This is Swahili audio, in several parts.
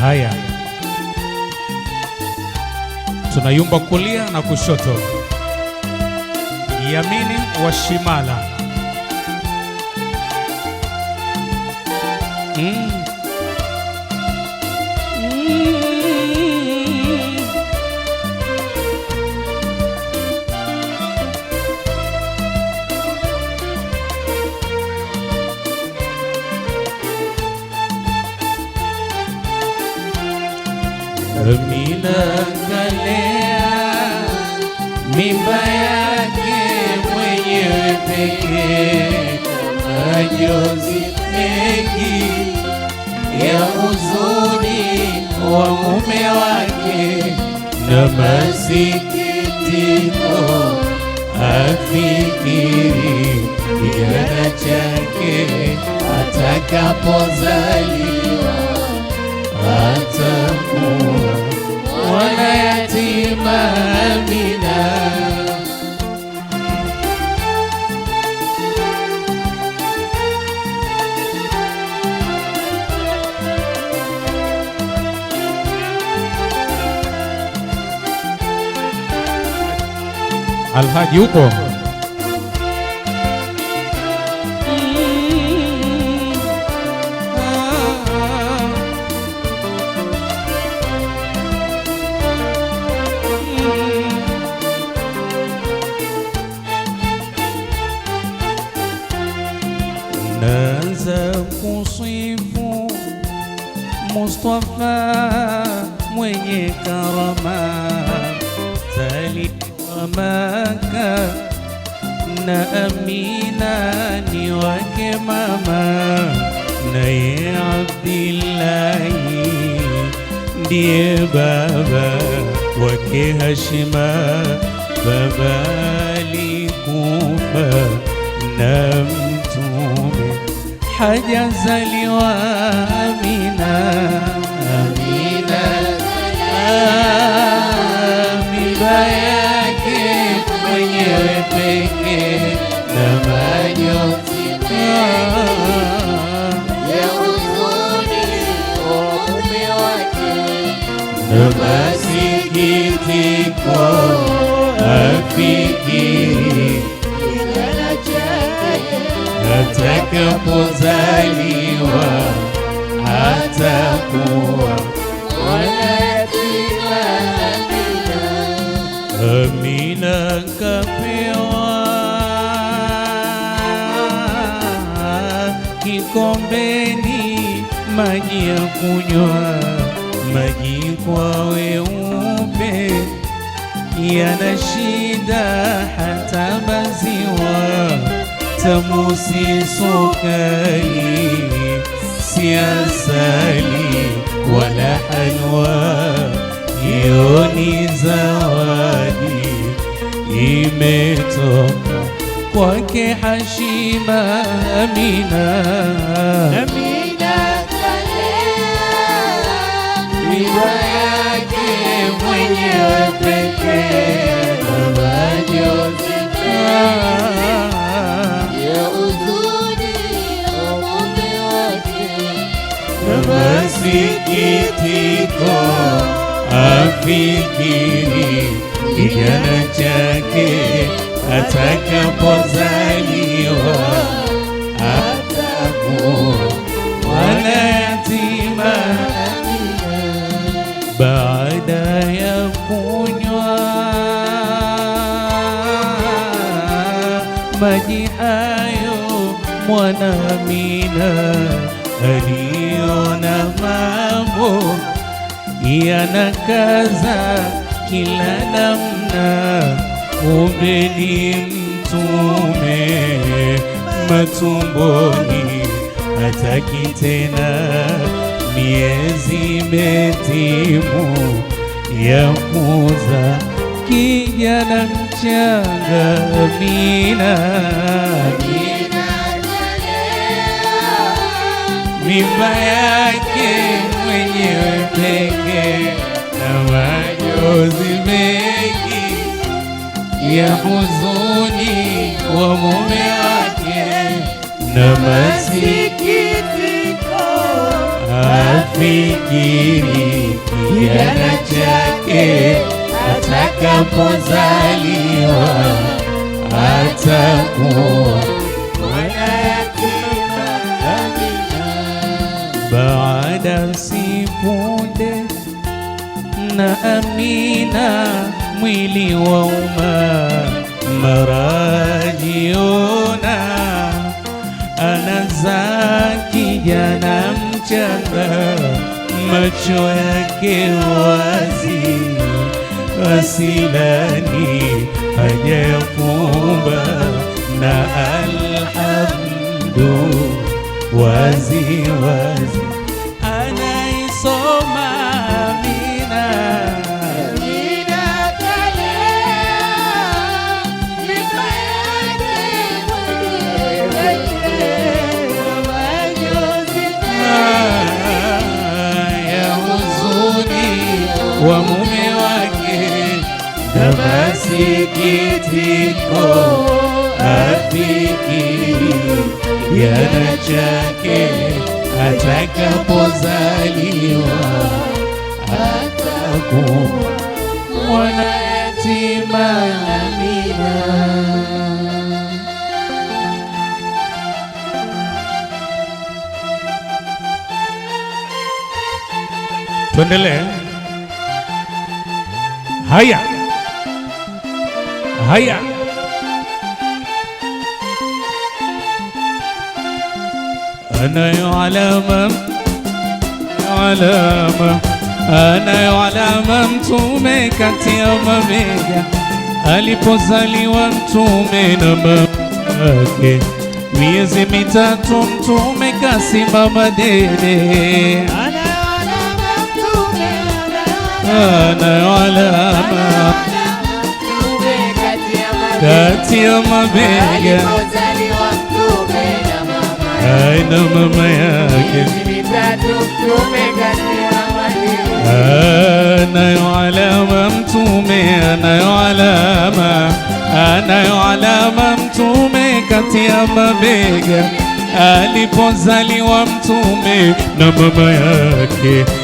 haya, tunayumba kulia na kushoto, yamini wa shimala mm. pekee na majonzi mengi ya huzuni wa mume wake na masikitiko, afikiri kijana chake atakapozaliwa atakuwa mwana yatima. Amina. Alhaj yupo naanza kusifu Mustafa mwenye karama zaidi mamaka na Amina ni wake mama na ye Abdillahi ndiye baba wake Hashima baba alikufa na mtume hajaza liwa Amina, Amina. alipozaliwa atakuwa Amina kapewa kikombeni maji ya kunywa, maji kwa weupe yana shida hata maziwa Samusi sukari, si asali wala halwa, hiyo ni zawadi imetoka kwake Hashima Amina. masikitiko afikiri kijana chake atakapozaliwa atakuwa mwanayatima baada ya kunywa maji hayo mwana Amina aliona mambo yanakaza kila namna, kumbe ni mtume matumboni, hataki tena miezi metimu ya kuza kijana mchanga minani mimba yake mwenyewe peke na majozi mengi ya huzuni wa mume wake na masikitiko afikiri kijana chake atakapozaliwa atakuwa sipunde na amina mwili wa umma marajiona anazaa kijana mchanga macho yake wazi wasilani hajafumba na alhamdu wazi wazi wa mume wake na masikitiko afikiri kiana chake atakapozaliwa atakuwa mwana yatima. Amina. Tuendelee. Haya. Haya. أنا يعلم يعلم أنا يعلم مtume kati ya mabega alipozaliwa mtume na mamake miezi mitatu mtume kasimama dede Bwana wala kati ya mabega aina mama yake anayo alama mtume, anayo alama, anayo alama mtume kati ya mabega alipozaliwa mtume na mama yake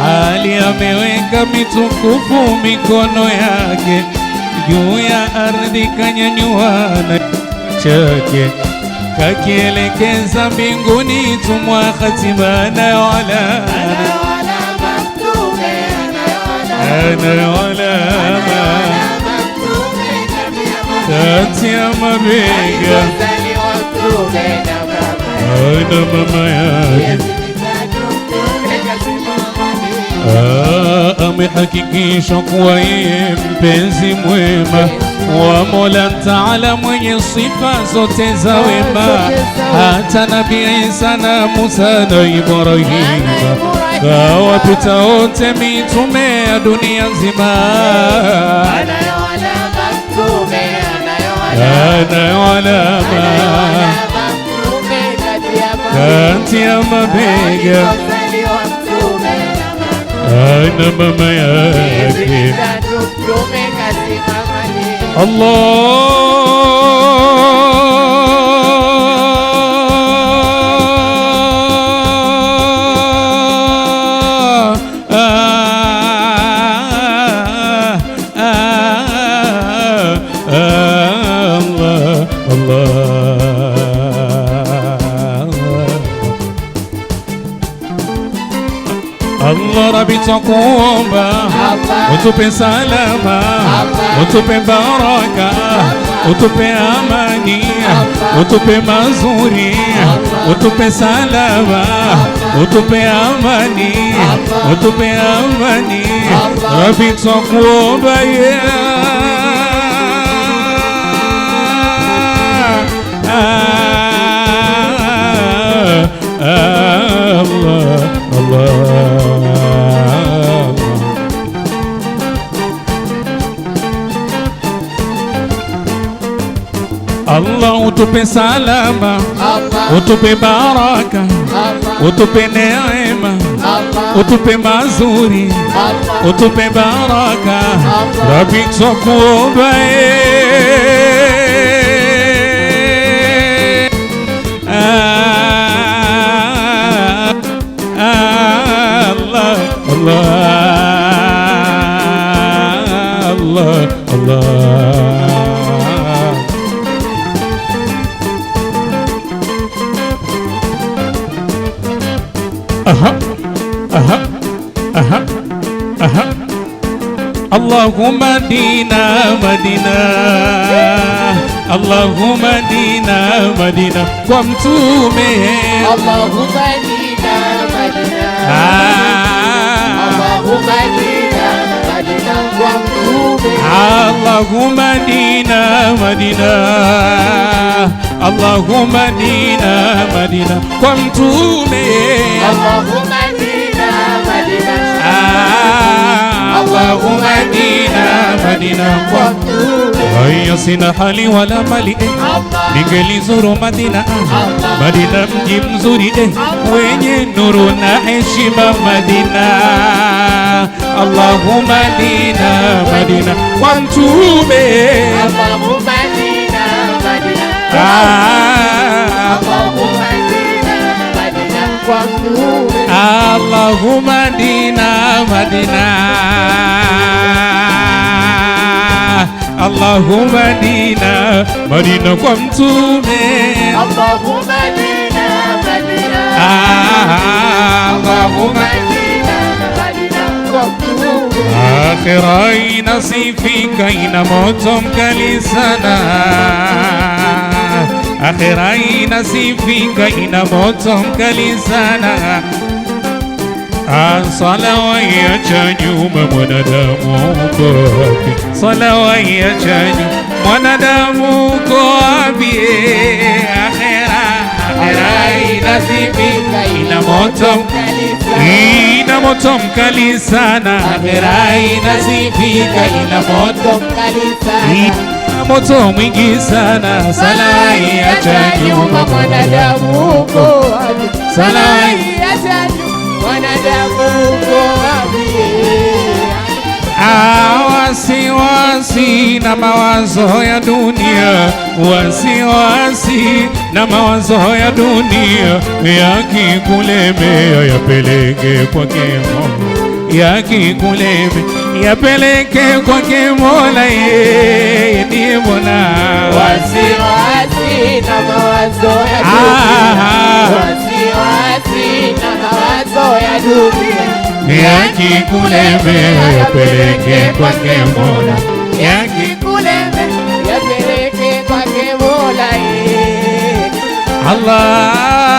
hali ameweka mitukufu mikono yake juu ya ardhi, kanyanyua na chake kakielekeza mbinguni, tumwa hatima anayoola anayoola kati ya mabega ana mama yake umehakikisha kuwa yeye mpenzi mwema wa Mola Taala, mwenye sifa zote za wema, hata Nabii Isa na Musa na Ibrahim kawapita wote mitume ya dunia nzima anayowalama kati ya mabega na Allah Allah Allah Allah Rabbi tunakuomba utupe salama, utupe baraka, utupe amani, utupe mazuri, utupe salama, utupe amani, utupe amani, Rabbi tunakuomba yeah. o bem salama, o bem baroca, o bem neema, o bem mazuri, o bem baroca, pra vir de اللهم دينا مدينة اللهم دينا مدينة وامتومي اللهم دينا مدينة اللهم دينا مدينة وامتومي اللهم دينا مدينة اللهم دينا مدينة وامتومي اللهم Allahu Madina, Madina kwangu. Haya, sina hali wala mali eh, ningelizuru Madina ah. Madina mji mzuri eh, wenye nuru na heshima Madina. Allahu Madina, Madina kwa Mtume. Allahu Madina, Madina ah. Allahu Madina, Madina kwa Mtume Allahumma dina madina Allahumma dina madina kwa mtume Allahumma dina madina ah, Allahumma dina madina kwa mtume Akhira inasifika ina moto mkali sana Akhira inasifika ina moto mkali sana Salawa ya nyuma mwanadamu uko wapi? Salawa ya nyuma mwanadamu uko wapi? Akhera, akhera inasibika, ina moto mkali ina moto mkali sana. Akhera inasibika, ina moto mkali sana moto mwingi sana. Salawa ya nyuma mwanadamu uko wapi? Salawa mwanadamu ah, ukoamie, wasiwasi na mawazo ya dunia, wasi wasi na mawazo ya dunia, yakikulemea yapeleke kwake Mola, yakikulemea yapeleke kwake Mola, yeye ndiye Mola. wasi na mawazo ya dunia ah, yakikulembe yapeleke kwake Mola, yakikulembe yapeleke kwake Mola. Eh. Allah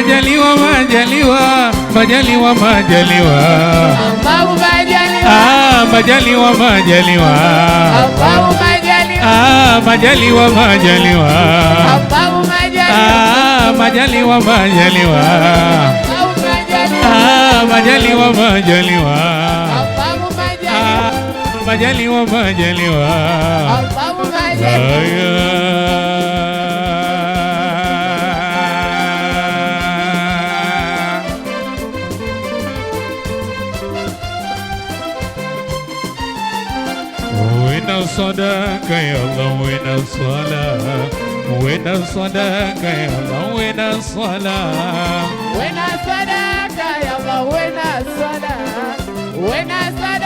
Majaliwa, majaliwa, majaliwa, majaliwa. Babu majaliwa. Ah, majaliwa, majaliwa. majaliwa. Ah, majaliwa, majaliwa. majaliwa. Ah, majaliwa, majaliwa. majaliwa. Ah, majaliwa, majaliwa. majaliwa. Ah, majaliwa, majaliwa. majaliwa. sadaka ya Allah we na sala we na sadaka ya Allah we na sala we na sadaka ya Allah we na sala we na